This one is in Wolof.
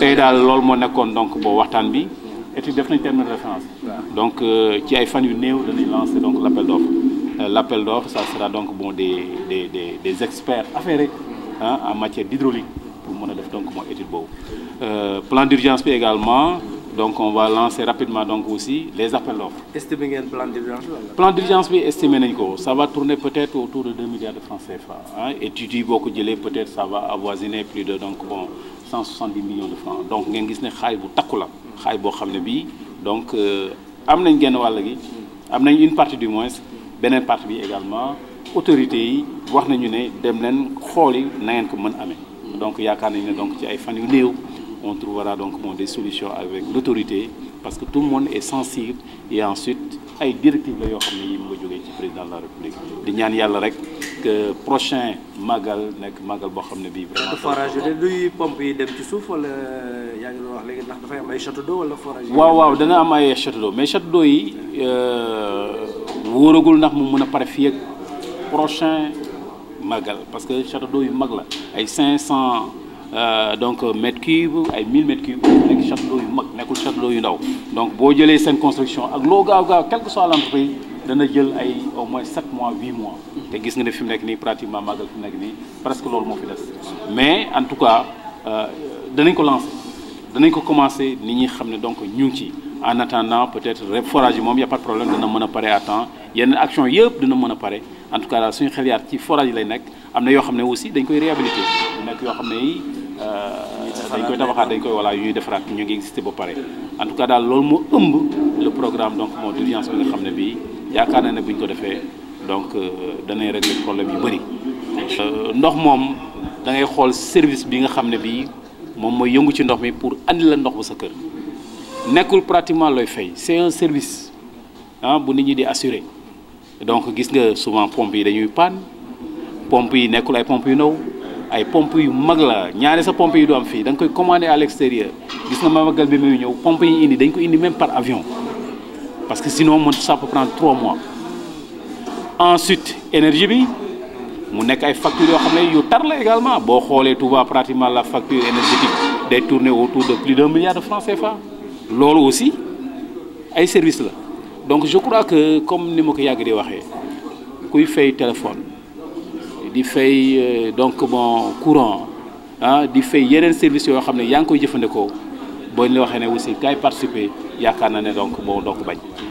tey daal loolu moo nekkoon donc boo waxtaan bi et puis def nañ terme de référence donc euh, ci ay fan yu néew danañ lancer donc l' appel d' offre euh, l' appel d' sera donc bon des des des des experts affairés ah en matière d' a def donc mooy étude boobu euh, plan d' urgence bi également donc on va lancer rapidement donc aussi les appels d' offres. estimé ngeen plan d' urgence bi estimé nañ ko ça va tourner peut-être autour de 2 milliards de francs CFA ah études yi boo ko jëlee peut-être ça va avoisiner plus de donc bon. 170 millions de francs donc ngeen gis ne xaay bu takku la xaay boo xam ne bii donc euh, am nañ genn wàll gi am nañ une partie du moins beneen partie bi également autorité yi wax nañu ne dem leen xooli na ngeen ko mën amee donc yaakaar nañu ne donc ci ay fan yu néew on trouvera donc bon, des solutions avec l'autorité parce que tout le monde est sensible et ensuite ay directives la yoo xam ne yi mu nga jógee ci président de la république di ñaan yàlla rek que prochain màggal nekk màggal boo xam ne bii. vraiment forage de luy pompe yi dem ci suuf wala yaa ngi doon wax léegi ndax dafay am ay château d'eau wala forage. waaw waaw dana am ay château d'eau mais château d'eau yi euh, wóoragul ndax mu mën a pare fi ak prochain màggal parce que château d'eau yu mag la ay cinq 500. Euh, donc euh, mètre cube ay 1000 mètres cube nekk château yu mag nekkul château yu ndaw donc boo jëlee seen construction ak loo gaaw gaaw quelle que soit l'entreprise dana jël ay au moins 7 mois 8 mois. te gis nga ne fi mu nekk nii pratiquement màggal fi mu nekk nii presque loolu moo fi des mais en tout cas euh, danañ ko lancer danañ ko commencer ni ñi xam ne donc ñu ci. en attendant peut-être forage yi moom y a pas problème dina mën a pare à temps yenn action yëpp dina mën a pare en tout cas suñu xel yaat ci forage lay nekk am na yoo xam ne aussi dañ koy réhabiliter nekk yoo xam ne dañ koy tabaxaat dañ koy walla yu ñuy defaraat ñu ngi existé ba pare en tout cas daal loolu mu ëmb le programme donc moo d'urgence bi nga xam ne bii yaakaar na ne bu ñu ko defee donc euh, danay régler problème yu bëri euh, ndox moom da ngay xool service bi nga xam ne bii moom mooy yëngu ci ndox mi pour indi la ndox ba sa kër nekkul pratiquement looy fay see un service ah bu nit ñi di assurer donc gis nga souvent pompes yi dañuy panne pompes yi nekkul ay pompes yu ndaw ay pompe yu mag la ñaare sa pompe yi du am fii da nga koy commandé à l'extérieur gis nga mamagal bi muy ñëw pompe yi dañ ko indi même par avion parce que sinon mën ça peut prendre trois mois ensuite énergie bi mu nekk ay factures yoo xam ne yu tar la également boo xoolee Touba pratiquement la facture énergétique day tourner autour de plus d'un milliard de francs CFA loolu aussi ay service la donc je crois que comme ni ma ko yàgg di waxee kuy fay téléphone di fay euh, donc bon courant ah di fey yeneen services yoo xam ne yaa ngi koy jëfandikoo boo ñu la waxee ne aussi kaay participer yaakaar na ne donc bon donc bañ.